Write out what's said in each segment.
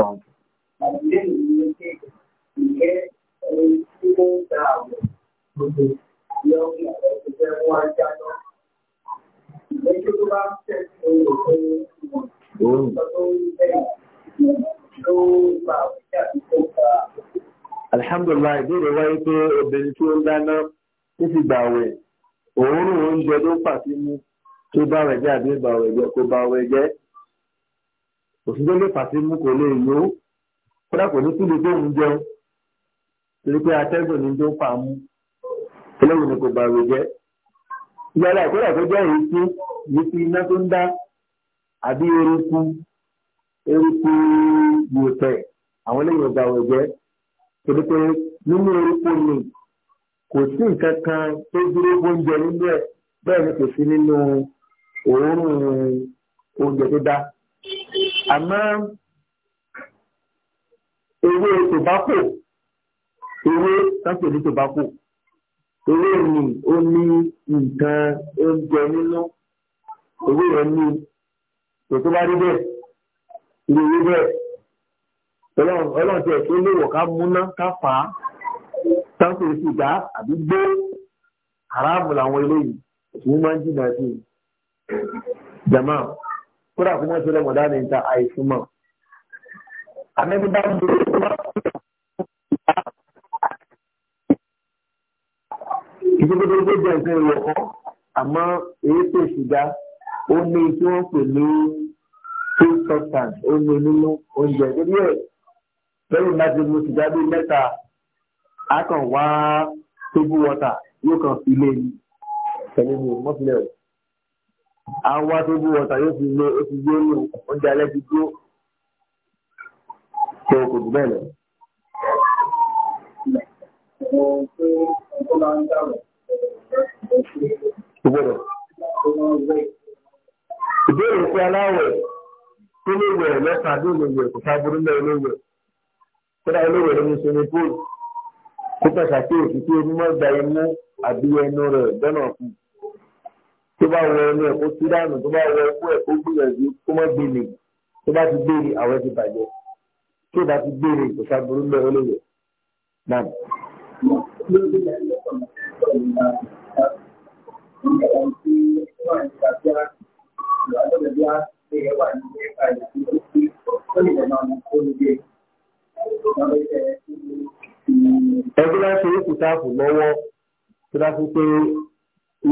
lọ. Alhamdulillah ìbéèrè wáyé pé obìnrin tí ó ń dáná tó ti gbà wẹ̀ òórùn oúnjẹ ló pàṣẹ mú tó bá wẹ̀ jẹ́ àbí ìbàwẹ̀ jẹ́ kó bá wẹ̀ jẹ́ òṣìṣẹ́ lè fà sí mú kò lè yó kódà kò ní síbi tó ń jẹun torí pé atẹ́gùn ni tó fà á mú eléyìí ni kò bá rò jẹ́ yálà kódà tó jẹ́ èyí tí èyí tí iná tó ń dá àbí eruku eruku gbòòtẹ̀ àwọn eléyìí ò rò jẹ́ torí pé nínú eruku ni kò sí nǹkan kan tó dúró oúnjẹ nínú ẹ̀ bẹ́ẹ̀ ni kò sí nínú òórùn oúnjẹ tó dá àmọ́ ewé tobacco ewé sáfì ní tobacco ewé ni ó ní nǹkan oúnjẹ nínú ewé rẹ̀ ní ètò bá rí bẹ́ẹ̀ irú ewé bẹ́ẹ̀ ọlọ́run tí ẹ̀kọ́ léwọ̀ ká múná ká fà á sáfì ní sìgá àbí gbé haramu làwọn eléyìí òṣùwọ̀n máa ń jìnnà sí i jama kódà kó mọ́ sí lọ́mọdá ní ta àìsúnmọ́ àmẹ́bí bá ń bèrè tó bá kú ìdíkòtò tó jẹ́ nǹkan ìwọ̀kọ́ àmọ́ èyí tó ṣùgbà ó ní tí wọ́n pè ní two substance ó ní nínú oúnjẹ torí ẹ̀ lẹ́yìn bá ti mu ṣùgbà bíi mẹ́ta a kàn wá table water yóò kàn fi lé ní pẹ̀lú mọ́tìlẹ̀ o àwọn atójú wọ̀tà yóò fi lé ó ti gbé ní oúnjẹ alẹ́ ti dúró tó kò jù bẹ́ẹ̀ lọ. Ìgbọ́dọ̀. Ìbéèrè fún aláwẹ̀ tó lè wẹ̀ lọ́sàn-án tó lè wẹ̀ kò sá burú lẹ́yìn ló wẹ̀. Kódà olówẹ̀ ló ń ṣe ní póòlù. Kó pẹ̀sà pé òkú tí onímọ̀ gba imú àbí ẹnu rẹ̀ dọ́nà fún un tó bá wọ ẹnu ẹ̀ kó tú dànù tó bá wọ ẹkú ẹ̀ kó gbìyànjú kó mọ́ gbé mi tó bá ti gbé mi àwọn ẹ̀ ti bàjẹ́ tó bá ti gbé mi kò sábúrú lọ́wọ́ lóye náà. Ẹgbẹ́ láti ṣe é kùtà fún lọ́wọ́ tó dá sí pé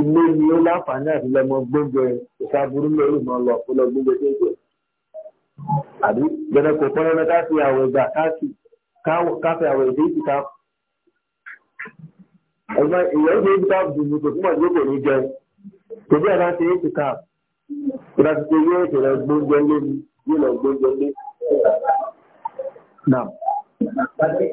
ilé ni ó láǹfààní àti lọ́mọ gbóúnjẹ ìṣàbùrú lórí mọ́ lọ kó lọ gbóúnjẹ tó jẹ. àbí gbẹdẹ kò pọ́n lọ́dọ́ káfí àwẹ̀ gbà káàkì káfí àwẹ̀ ìdí ìta. ẹ̀gbọ́n ìyẹn ìdí ìta dùnú kò túmọ̀ sí kò ní jẹ tòbí àbá ṣe é ti ìdá ti ṣe yóò ṣe lọ gbóúnjẹ lé mi yóò lọ gbóúnjẹ lé. Now. Thank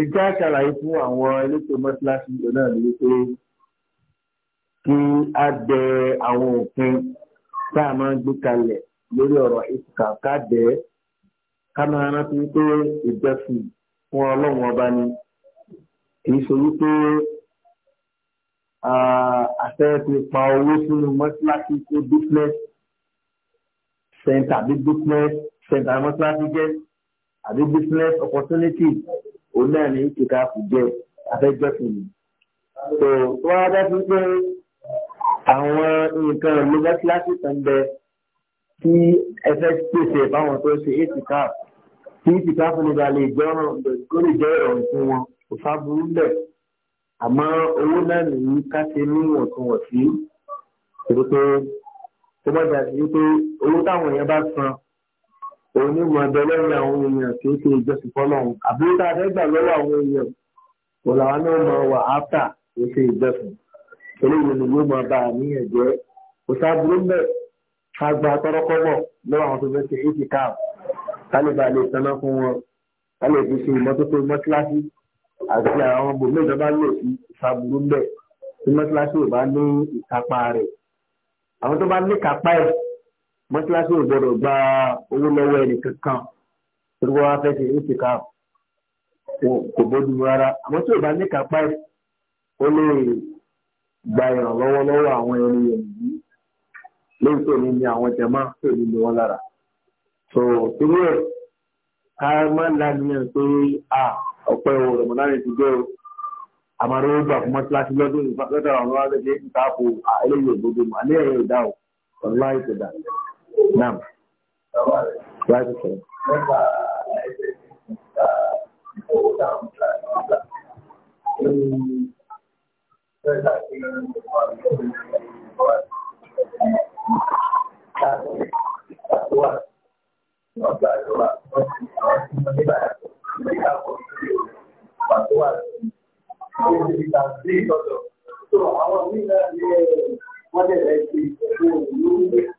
ìjà ṣàlàyé fún àwọn elétò mọ́tíláṣí ìjọ náà ni wípé kí á dẹ àwọn òfin tá a máa ń gbé kalẹ̀ lórí ọ̀rọ̀ ìsìkà ká dẹ ká máa rántí wípé ìjọsìn fún ọlọ́run ọba ni kì í ṣe wípé àṣẹ ti pa owó sínú mọ́tíláṣí tó business center bí business center mọ́tíláṣí jẹ́ àbí business opportunity òun náà ní kíkà kù jẹ afẹ́jọ́sìn ni. tó tó wá dá sí pé àwọn nǹkan ló bá kíláàsì kan bẹ kí ẹ fẹ́ pèsè fáwọn tó ṣe é kíkà kí kíkà fún mi ba lè jẹ́ ọ̀rọ̀ kó lè jẹ́ ìrọ̀rùn fún wọn kò fá burú bẹ̀ àmọ́ owó náà nìyí ká ṣe níwọ̀ntúnwọ̀nsí torí tó bá dà pé owó táwọn èèyàn bá san onímọ̀ ẹ̀dẹ́lẹ́yìn àwọn èèyàn kìí ṣe ìjọsìn fọlọ́run àbúrò tá a fẹ́ gbà lọ́wọ́ àwọn èèyàn kò làwọn náà máa wà áfà kìí ṣe ìjọsìn eléyìí ni yóò máa bá a níyàn jẹ́ kò sábúrú mẹ́ ká gba tọ́rọ́kọ́bọ̀ lọ́wọ́ àwọn tó fẹ́ ṣe eighty cap kálíbà lè tanná fún wọn ká fi ṣe ìmọ́tótó mọ́tíláṣí àti àwọn bòmí ìjọba lè fi sábúrú mẹ́ tí mọ́tíláṣí ò bá ní ìkápá rẹ̀ àwọn tó bá ní ìkápá ẹ̀ mọ́ṣáláṣí ò gbọ́dọ̀ gba owó lọ́wọ́ ẹnì kankan tó wọ́n fẹ́ ṣe èsì ká kò bójú rárá àmọ́ tí ò bá ní kápá ẹ̀ ó lè gba ìrànlọ́wọ́ lọ́wọ́ àwọn ẹni ẹ̀yìn yìí tó ní ní àwọn jẹ̀mọ́ tó ní ní wọn lára so torí ẹ̀ ká má lánìyàn pé a ọ̀pẹ́ o rọ̀mọ̀dánì ti jẹ́ o àmàrò ó gbà fún mọ́ṣáláṣí lọ́dún lọ́dọ̀ àwọn ọlọ́wọ́ lẹ́gbẹ̀ẹ́ ìta àpò eléyìí òdodo mọ́ àlẹ́ ẹ̀rọ ìdá o ọ̀nà láì tó Naam. Láti sọ̀rọ̀. Thank you.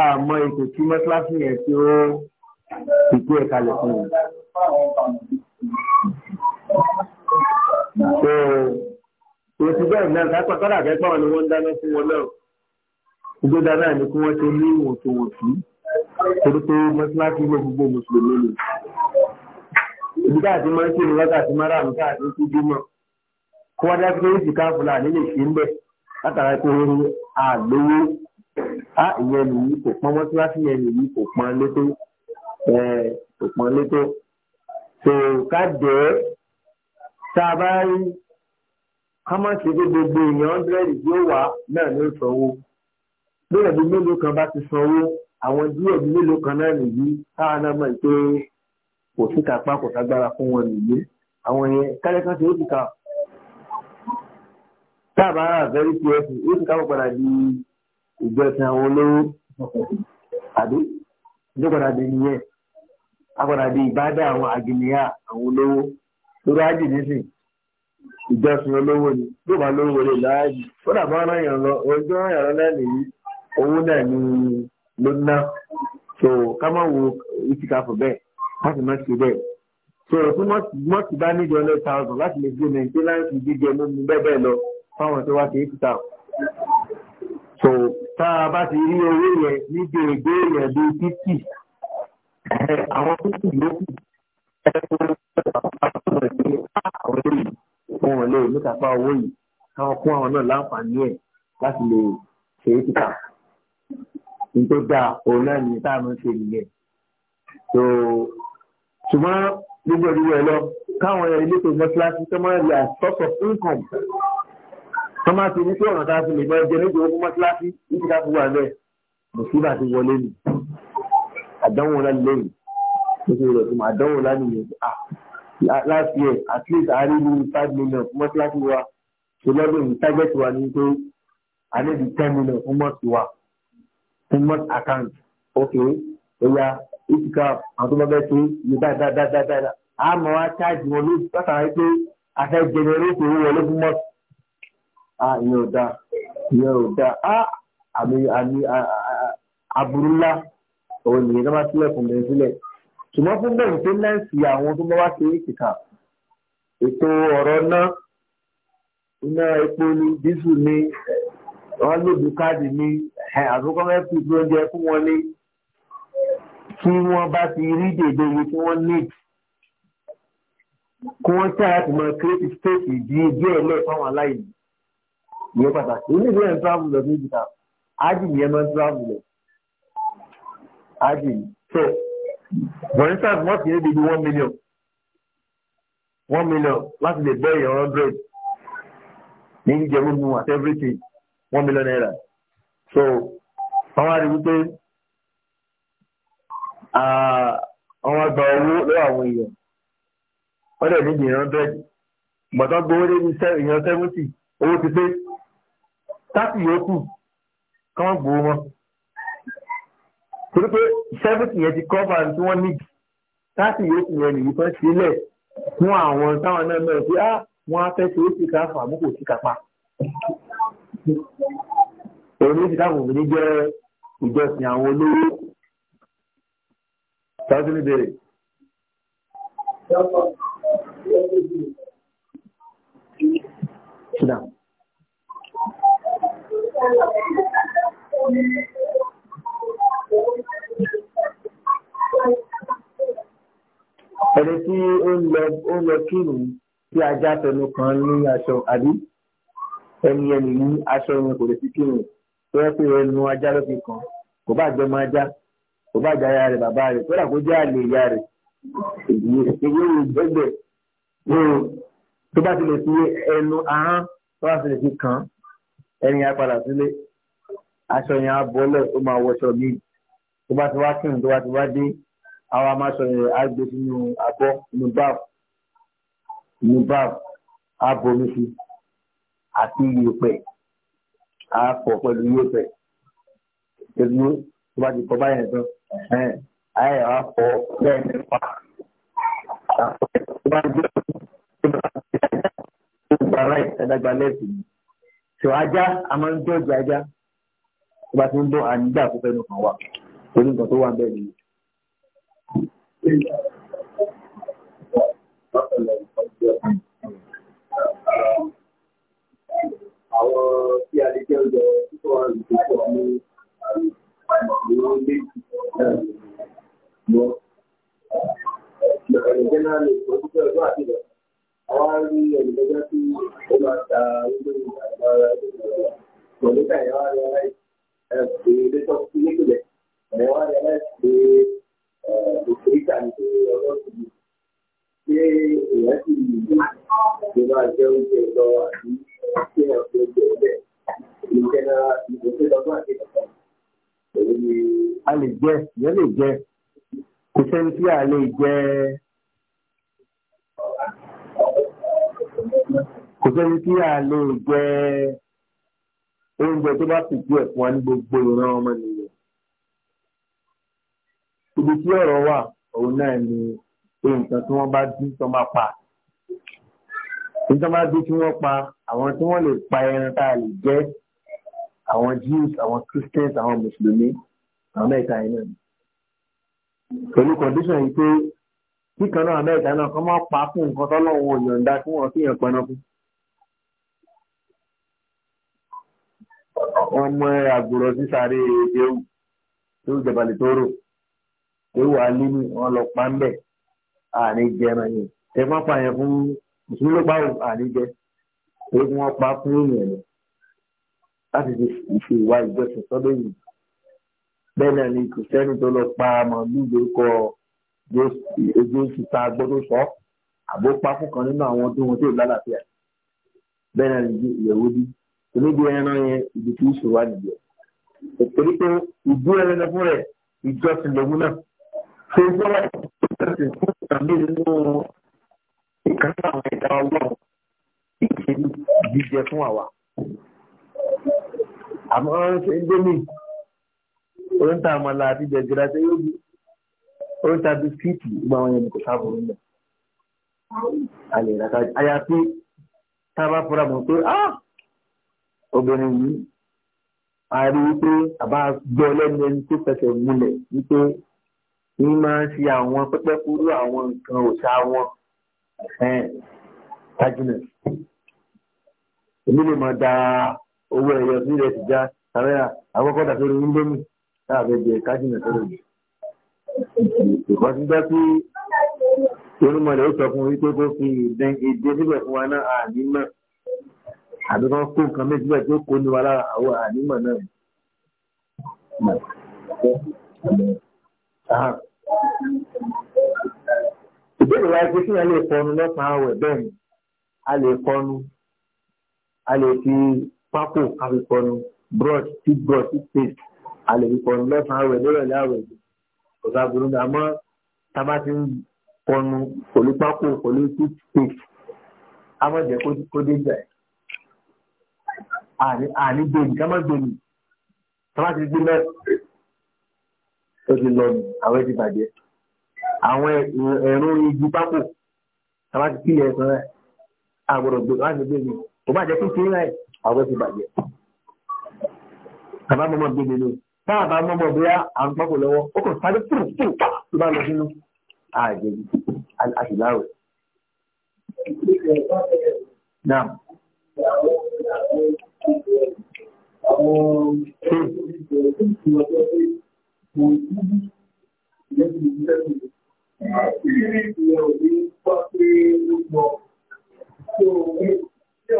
àmọ́ ètò tí mọ́tíláṣí yẹn tí ó ìgbé ẹ̀kalẹ̀ fún mi. so èsì bẹ́ẹ̀ náà ká pàtàkì àkẹ́kọ̀ọ́ wọn ni wọ́n ń dáná fún wọn náà ìgbéga náà ni kí wọ́n ṣe ní ìwòntúnwòntún torí pé mọ́tíláṣí ló gbogbo mùsùlùmí ni. ibi káàtì máa ń ṣe ìrọ́gàtì márààrún káàtì ń kú bímọ kó wá dá pé èsì káàfù náà nílé ṣe ń bẹ̀ látara pé àgbéwò á ìyẹn nìyí kò pọn mọ́tíláṣí yẹn nìyí kò pọn létó kò pọn létó tó ká jẹ́ tá a bá rí ká má ṣe pé gbogbo èèyàn hundred tí ó wà náà ní ìsanwó lórí ẹbí mélòó kan bá ti sanwó àwọn díẹ̀ bí mélòó kan náà nìyí táwọn náà mọ̀ pé kò sí kápá kò ságbára fún wọn nìyí àwọn yẹn kálẹ̀ kan ṣe ó ti kà táàbà very careful ó ti ká wọ́n padà di ìjọsìn àwọn olówó àbí ìjọpadà di nìyẹn apadà di ìbádà àwọn àgìníyà àwọn olówó lórí ájì nísìn ìjọsìn olówó ni yóò bá lówó lè láàyè kódà bá rán yàn lọ ọjọ́ rán yàn lọ lẹ́nu yìí owó náà ni ló ná so ká má wo ìtìká fún bẹ́ẹ̀ láti má ṣe bẹ́ẹ̀ so fún mọ́tì bá níjọ hundred thousand láti lè gbé maintenance jíjẹ mímu bẹ́ẹ̀ bẹ́ẹ̀ lọ fáwọn tó wá sí ìtìká so tá a bá ti rí owó yẹn níbi ègbé yẹn bíi títì àwọn títì yòókù ẹ̀kọ́ àtúntò ní àwọn èyí wọn lè níkàpá owó yìí káwọn kún àwọn náà láǹfààní ẹ̀ láti lè ṣe é kíkà nítorí dáa òun náà ní tá a máa ń ṣe nìyẹn tó ṣùgbọ́n gbogbo ìdíwọ̀ ẹ̀ lọ káwọn ilé tó gbọ́ síláṣí tó máa ń rí àtọ́sọ̀ fún nǹkan wọ́n máa ti ní pé ọ̀nà tá a fi lè gbọ́ jẹ nígbà ogun mọ́tíláṣí níbi ká fi wà bẹ́ẹ̀ mùsùlùmí àti wọlé nì àdánwò ńlá lẹ́yìn nítorí rẹ̀ fún àdánwò ńlá nìyẹn last year at least a rí ní five million fún mọ́tíláṣí wa tó lọ́dún yìí target wa ni pé a ní di ten million fún mọ́tì wa fún mọ́tì account ok ẹ̀yà ìtìkà àwọn tó bá bẹ́ẹ̀ tó yìí dáadáa dáadáa àmọ́ wa charge wọn ló látara pé a fẹ́ generate owó wọlé fún mọ́tì a ah, ìyẹn ò dáa ìyẹn ò dáa a ah, àmì àmì àbúrú ńlá òun nìyẹn tó bá sílẹ̀ fún bẹ́ẹ̀ sílẹ̀ ṣùgbọ́n fún bẹ́ẹ̀ tó náà sí àwọn tó bá wá ṣe é kìkà ètò ọ̀rọ̀ náà iná epo ni dísù ni wọ́n lòdù káàdì ni àtúkọ́ mẹ́fì tó ń jẹ fún wọn ni tí wọ́n bá ti rí dèdè iye tí wọ́n ní kí wọ́n ṣáà ti kírètì stéètì díẹ̀ díẹ̀ lẹ́ẹ̀fọ́ àwọn aláìní ìyẹn pàtàkì ó ní ìwé ẹ̀ ń travel lọ sí ìjìká ájì ìyẹn máa ń travel lọ ájì so for instance wọ́n ti ní bíi one million one million láti lè bẹ́ èèyàn hundred ní jíjẹ mímu àti everything one million naira so wọ́n wá rí wípé àwọn àgbà owó lọ́wọ́ àwọn èèyàn wọ́n dẹ̀ ní bíi hundred gbọ̀dọ̀ gbowó lé ní èèyàn seventy owó ti pé tàbí yòókù kán gbòó wọn torí pé seventy yẹn ti cover tí wọ́n ní tàbí yòókù yẹn nìyí kan sílẹ̀ fún àwọn táwọn náà mẹ́rin pé ah wọ́n á fẹ́ ṣe é síkà fún àmúkò síkà pa èyí ló ti dáhùn òmìnir jẹ́ ìjọsìn àwọn olówó tọ́jú ní bèrè. Sit ẹni tí ó ń lọ ó ń lọ kírun tí ajá tẹnu kan ní aṣọ àbí ẹni ẹni ní aṣọ yẹn kò lè fi kírun tó yẹ pé ẹnu ajá ló fi kàn kò bá jẹ ọmọ ajá kò bá jẹ aya rẹ bàbá rẹ kódà kó jẹ àlè ìyá rẹ èyí èyí ìgbẹgbẹ tó bá ti fi ẹnu ahọ́n tó bá ti fi kàn án ẹni á padà sílé aṣọ yẹn á bọ́lẹ̀ ó máa wọṣọ míì tó bá ti wá kírun tó bá ti wá dé àwọn amáṣọ yẹn á gbé sínú abọ́ inú báàbù inú báàbù á bomi sí àti iyẹ̀pẹ̀ á pọ̀ pẹ̀lú iyẹ̀pẹ̀ pẹ̀lú tó bá ti kọ́ báyẹn tán ẹ̀ẹ́n ayé wa pọ̀ bẹ́ẹ̀ nípa tó bá ń gbé ọ̀rọ̀ tó bá ń gbé ọ̀rọ̀ tó bá ń gbé ọ̀rọ̀ ẹ̀dàgbà lẹ́sìn. tó ajá a máa ń jọ́ọ̀jì ajá tó bá ti ń bọ́ ànígbà tó fẹ́ nù kan wà torí nǹkan tó wà bẹ́ẹ̀ àti jẹ́ oúnjẹ lọ àbí kí wọ́n fi oúnjẹ lẹ̀ ìjẹ́ ìbò tó lọ́gbọ́n àti ìbò. a lè jẹ ìyẹn lè jẹ kò sẹ́ni tí a lè jẹ kò sẹ́ni tí a lè jẹ oúnjẹ tó bá sì díẹ̀ fún wa ní gbogbo ìran ọmọnìyàn ibi tí ọ̀rọ̀ wà òun náà ni nǹkan tí wọ́n bá dín tó máa pa nítorí wọn bí tí wọn pa àwọn tí wọn lè pa ẹran tá a lè jẹ àwọn jews àwọn christians àwọn mùsùlùmí àwọn mẹ́ta yẹn náà pẹ̀lú condition yìí pé kíkan náà mẹ́ta náà kọ́ máa pa fún nǹkan tọ́lọ́wọ́ òyìnbá tí wọ́n fi hàn pẹran fún. ọmọ àgùrọ̀ sísáré ewu tó jẹ̀bàlẹ̀ tó rò ewu alínú wọn lọ pa ń bẹ̀ àní jẹran yẹn ẹ má pa yẹn fún mùsùlùmí ló pa àníjẹ pé kí wọ́n pa fún èèyàn lọ láti fi ṣe ìwà ìjọsìn sọ́dọ̀ yìí bẹ́ẹ̀ náà ni kìrìsìtẹ́nì tó lọ pa màálù lórúkọ ojú oṣù tá a gbọ́dọ̀ sọ àbó pa fún kan nínú àwọn ọdún wọn tó lálàáfíà bẹ́ẹ̀ náà ni ìyẹ̀wò bí oníbi ẹran yẹn ibi tí ìṣòro wà nìyẹn torí pé ìdú ẹran fún rẹ̀ ìjọsìn lòun náà ṣe ń sọ́wọ́ ìjọsìn fún ìtàn ìkan náà àwọn ẹ̀dá ọlọ́run ìṣe jíjẹ fún àwa. àmọ́ ṣe ń dé mi orin tá a mọ̀ láti jẹjẹrẹ ṣe yóò bí orin tá a bí fíìtì gbọ́n àwọn ẹni kò sáàbù nílẹ̀. a lè ra káàdì àyàfi tá a bá fura mọ̀ pé ah! obìnrin yìí a rí i pé àbá gbọ́ lẹ́nu ẹni tó fẹsẹ̀ múlẹ̀ wípé ní máa ń ṣe àwọn pẹ́pẹ́ kúrú àwọn nǹkan òṣà wọn ẹ̀ tajinẹ̀ èmi lè máa da owó ẹ̀yọ sílẹ̀ ti já tàbí àkọ́kọ́ dà sórí indomie láàbẹ̀ jẹ tajinẹ̀ sọ̀rọ̀ yìí ìkọ́sí jẹ́ pé onímọ̀lẹ̀ ó sọ fún wípé kó fi ìdẹ́ èdè síbẹ̀ fún wa náà ànímọ̀ àbí kan kó nǹkan méjì bẹ́ẹ̀ tí ó kó ní wa lára àwọn ànímọ̀ náà ìbéèrè wa pé kíyàn lè kọnu lọ́sàn-án àwẹ̀ bẹ́ẹ̀ ni a lè kọnu a lè fi pákó a lè kọnu brush tooth brush tooth paste a lè fi kọnu lọ́sàn-án àwẹ̀ lórọ̀lẹ́ àwẹ̀ kò sá burú ní àmọ́ tá a bá ti ń kọnu pẹ̀lú pákó pẹ̀lú tooth paste a mọ̀ jẹ́ kó dé jà ẹ̀ àní gbòmí ká má gbòmí tá a bá ti gbé mẹ́rin ó ti lọ nù àwọn ẹ̀ ti bàjẹ́ àwọn ẹ̀rọ igi pákó tàbá ti kílẹ̀ ẹ̀sán rẹ̀ àgbọ̀dọ̀ gbé láti gbé mi kò bá jẹ́ kí kí rẹ̀ àwọn ti bàjẹ́ tàbá mọ́mọ́ gbé mi ní táà bá mọ́mọ́ bí a ń pákó lọ́wọ́ ó kàn sáré pùrù pùrù pa tó bá lọ sínú àjẹjì àṣìláwẹ̀. Naam. Ṣé Ìrírí rẹ̀ ò ní gbọ́ pé ó gbọ́. Ọbẹ̀ ọbẹ̀ tó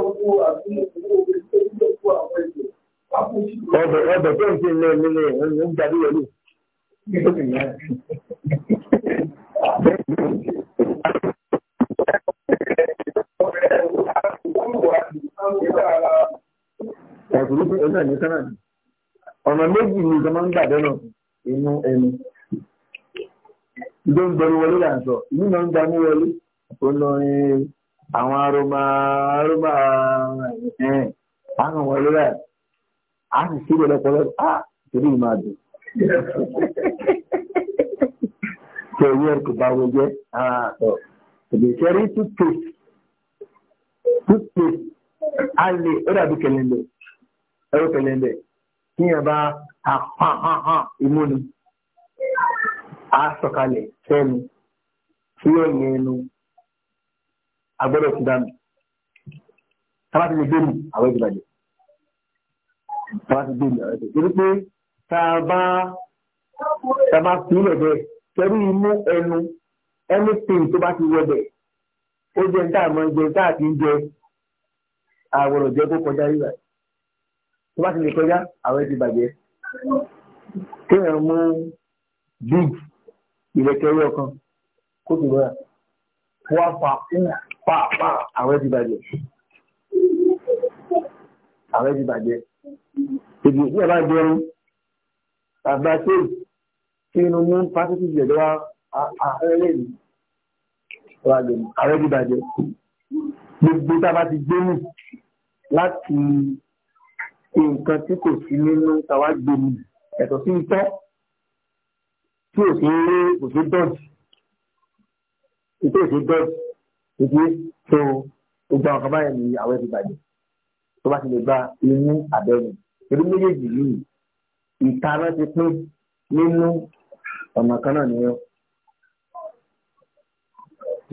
ń fi lọ nílé ẹ̀rọ ń gbàdú wọlé. Ọ̀pọ̀lọpọ̀ ẹ̀rọ náà ní Kánádì. Ọ̀nà méjì ni ìjọba ń gbàdẹ́ náà inú ẹnu ló ń gbẹnu wọlé là ń sọ ìlú náà ń gbanú wọlé olórin àwọn aroma aroma ẹ̀ àwọn wọlé rẹ̀ a sì sí ìrẹ̀lẹ̀ pọ̀lọ́ a torí ìmọ̀ àdùn tẹ̀ ìwé ẹ̀kọ́ bá wọ jẹ́ àtọ̀ ìgbésẹ̀rí toothpaste toothpaste a ó dàbí kẹlẹ́ndẹ̀ ẹ̀rọ kẹlẹ́ndẹ̀ kíyàn bá a hàn hàn hàn imú á sọ̀kalẹ̀ tí yóò ní ẹnu agbọ́dọ̀ ti dànù tábà ti lè gbé mi àwọn ìgbàlẹ̀ tábà ti gbé mi àwọn ìgbàlẹ̀ torí pé tá a bá tá a bá fi ilẹ̀ bẹ́ẹ̀ pẹ̀lú imú ẹnu anything tó bá ti wọ bẹ̀ ó jẹ́ ní táà mọ́ ń jẹ táà ti ń jẹ àwọ̀rọ̀ jẹ́ kó kọjá rírà tó bá ti lè kọjá àwọn ẹ̀ ti bàjẹ́ mú big ìrẹ̀kẹ́ ẹyọ kan kó tó lọ́ra wọ́n fa pa pa àwẹ̀ ti bàjẹ́ àwẹ̀ ti bàjẹ́ èdè òkú ẹ̀ bá jẹun àgbà tó kí inú mú pásítì jẹ̀ lọ́wọ́ àárẹ̀ mi wà lónìí àwẹ̀ ti bàjẹ́ gbogbo tá a bá ti gbé nù láti nǹkan tí kò sí nínú tàwa gbé nù ẹ̀tọ́ sí itọ́ tí ò sí rí kò sí dọ́ọ̀tì ètò ìṣe dọ́ọ̀tì ètò tó gbogbo àwọn kaba yẹn ní àwẹ̀ ti bàjẹ́ tó bá ti lè gba inú abẹ́rẹ́ pẹ̀lú méjèèjì yìí ìtara ti pín nínú ọ̀nà kan náà nìyẹn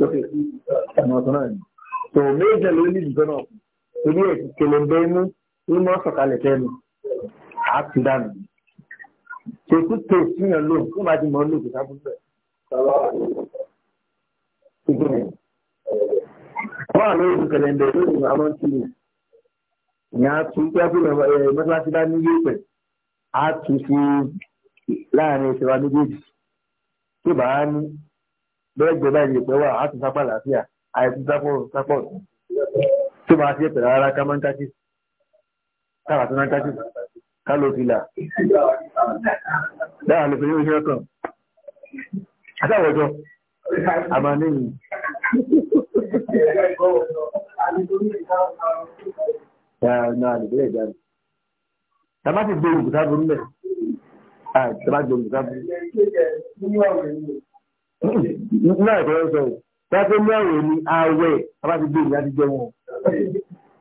ọ̀nà kan náà nìyẹn tó méjì ló ní ìdìbò náà torí ẹ̀ kẹlẹ̀ ń bẹ́ inú inú ọ̀sọ̀kalẹ̀ tẹ́nu àti dànù yìí tètú tètú yẹn lò kí màá ti mọ̀ ọ́ lò kí sábà bẹ̀. wọ́n àná ojú kẹlẹ́ndẹ̀ lórí àwọn tí mi ìyẹn á tún kí á fi mọ́tíláṣí bá ní yé pẹ̀ á tún sí láàrin ìṣẹ̀wá méjèèjì tí bàá ní bẹ́ẹ̀ gbé báyìí pẹ́ wà á tún sápá làáfíà àìsí sápọ̀ sápọ̀ tó máa fi ẹ̀pẹ̀ rárá ká máa ń kájí káàbà máa ń kájí kálò fìlà dáhà lè fẹ́yẹ́ oṣù ọkàn àtàwọ̀jọ́ àmàlẹ́yìn tàbá ti gbé ògùn sábò nílẹ̀ tàbá gbé ògùn sábò náà ìfẹ́ sọ̀rọ̀ tàbá tó ní àwẹ̀ ni àwẹ̀ tàbá ti gbé ògùn láti jẹun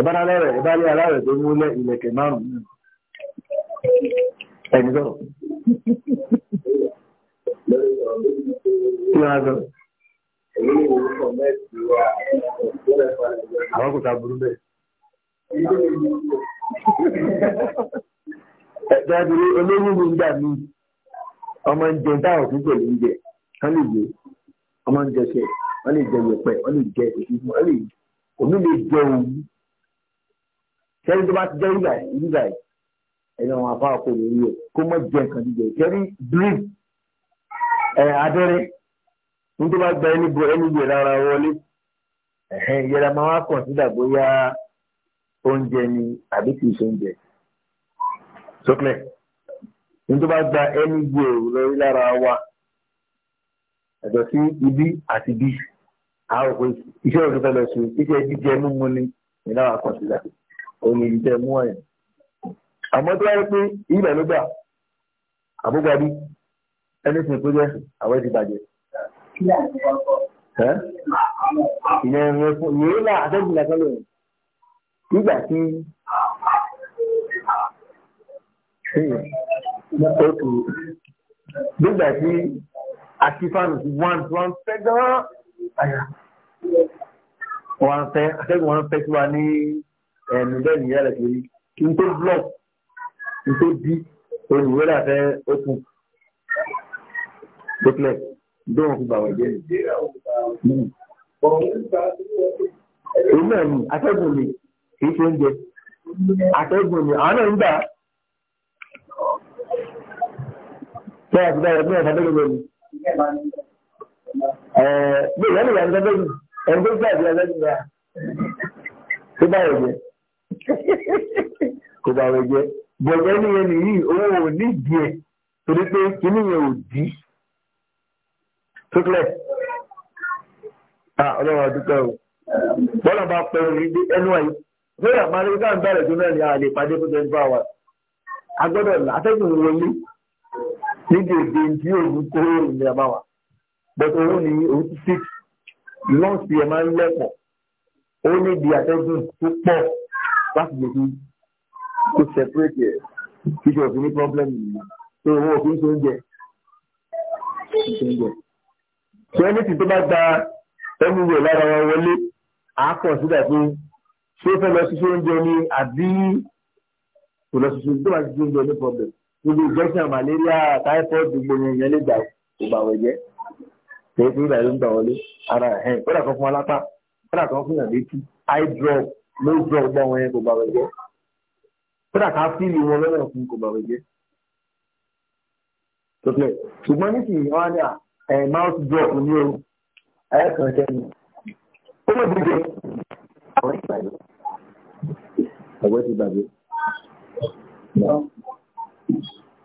ẹ̀bára alárẹ̀ ẹ̀bára alárẹ̀ tó múlẹ̀ ìlẹ̀kẹ̀ márùn-ún ẹ̀yìn sọ̀rọ̀ kí wọ́n á sọ. àwọn kò ta burú bẹ́ẹ̀. ẹ̀dá ìdílé olóyún mi ń gbà mí ọmọ ń jẹ táwọn òkú pẹ̀lú oúnjẹ wọ́n lè gbé ọmọ ń jẹ ṣe wọ́n lè jẹ yẹpẹ̀ wọ́n lè jẹ òkú wọ́n lè òmí lè jẹ òun sẹ́ni tó bá ti jẹ́ yíyà yíyà ẹ̀yin àwọn afárá kò lórí ẹ̀ kó mọ̀ jẹ́ nǹkan jíjẹ sẹ́ni drip ẹ̀ adẹ́rẹ́ ní tó bá gba ẹni bọ ẹni yẹ rárá wọlé yẹra máa wá kàn sídà bóyá oúnjẹ ni àbí kì í ṣe oúnjẹ sókè ní tó bá gba ẹni yẹ lórí lára wa ẹ̀dọ̀ sí ibi àti bí àwọn òpin iṣẹ́ òṣèlú fẹ́ lọ sí iṣẹ́ jíjẹ mímu ni ìlànà àkọsílẹ̀ òun ni ìjẹ mú ẹ̀ àmọ́ tó wáyé pé ilẹ̀ ló gbà àbúgbàdí ẹni sì kó jẹ́ àwọn ti bàjẹ́ ìyẹn ìyẹn fún yìí là àtẹ́jú làkàn lòun nígbà tí otu nígbà tí akífánù ti wọ́n tí wọ́n fẹ́ gan-an àyà wọ́n fẹ́ àtẹ́gùn wọn fẹ́ sí wa ní ẹnu bẹ́ẹ̀ nìyá rẹ̀ torí kí n tó block kí n tó bí olùwé rà fẹ́ open tó clear dóhùn fún bàwọ̀ jẹ́ mi. èyí náà ni atẹ́gùn mi kì í ṣe oúnjẹ atẹ́gùn mi àwọn náà ń gbà tẹ́ àti báyọ̀ ní ọ̀sán lórí lórí. Ẹ̀ẹ́d bí ìyá mi yà ń sọ lórí ẹ̀ńdọ́gbà ìyá lórí rà tó báyọ̀ jẹ́ kò bá wẹ jẹ bọ̀dẹ̀ nìyẹn nìyí owó ò ní díẹ̀ torí pé kíní yẹn ò dí tókìlẹ̀ ah, ọlọ́run àdúgbò o bọ́lá bá pẹ́ orí ẹnu àyè lórí àmàlẹ́ká ń bẹ̀rẹ̀ tó náà ní àlè pàdé fún twenty four hours agbọ́dọ̀ atẹ́gùn wọlé níbi èdè tí òun kó òun ní àbáwá but òun ni òun ti six lọ́ọ̀sì ẹ̀ máa ń lẹ́pọ̀ ó ní di atẹ́gùn tó pọ̀ láti lè fi kó separate ẹ̀ kí ṣe òfin ní problem nìyí tó owó òfin ṣe oúnjẹ ṣe oúnjẹ. ṣé ẹnìtì tó bá gba ẹnu rẹ̀ lára wọn wọlé àákọ̀ sídà pé ṣé ó fẹ́ lọ ṣiṣẹ́ oúnjẹ ni àbí kò lọ ṣiṣẹ́ tó bá ṣiṣẹ́ oúnjẹ ní problem. gbogbo ìjọsìn malaria typhoid gbogbo ènìyàn lè gbà kò bàwẹ̀ jẹ́ tẹ̀sí ìgbà ló ń gbà wọlé ara ẹ̀ kódà kan fún alápá kódà kan fún ìyàn létí eye drop ló jọ ọgbà wọn yẹn kò bàwẹ jẹ kódà ká fíìlì wọn lọ́nà fún kò bàwẹ jẹ tọ́tẹ̀ ṣùgbọ́n nísìnyí wọn ní ẹ̀ mouth drop ní o ẹ̀ kàn sẹ́yìn ó lè dìde àwọn ìgbàgbé ọ̀gbẹ́ ti gbàgbé.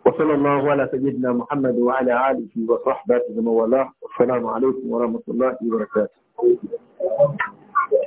وصلى الله على سيدنا محمد وعلى آله وصحبه ومن والاه والسلام عليكم ورحمة الله وبركاته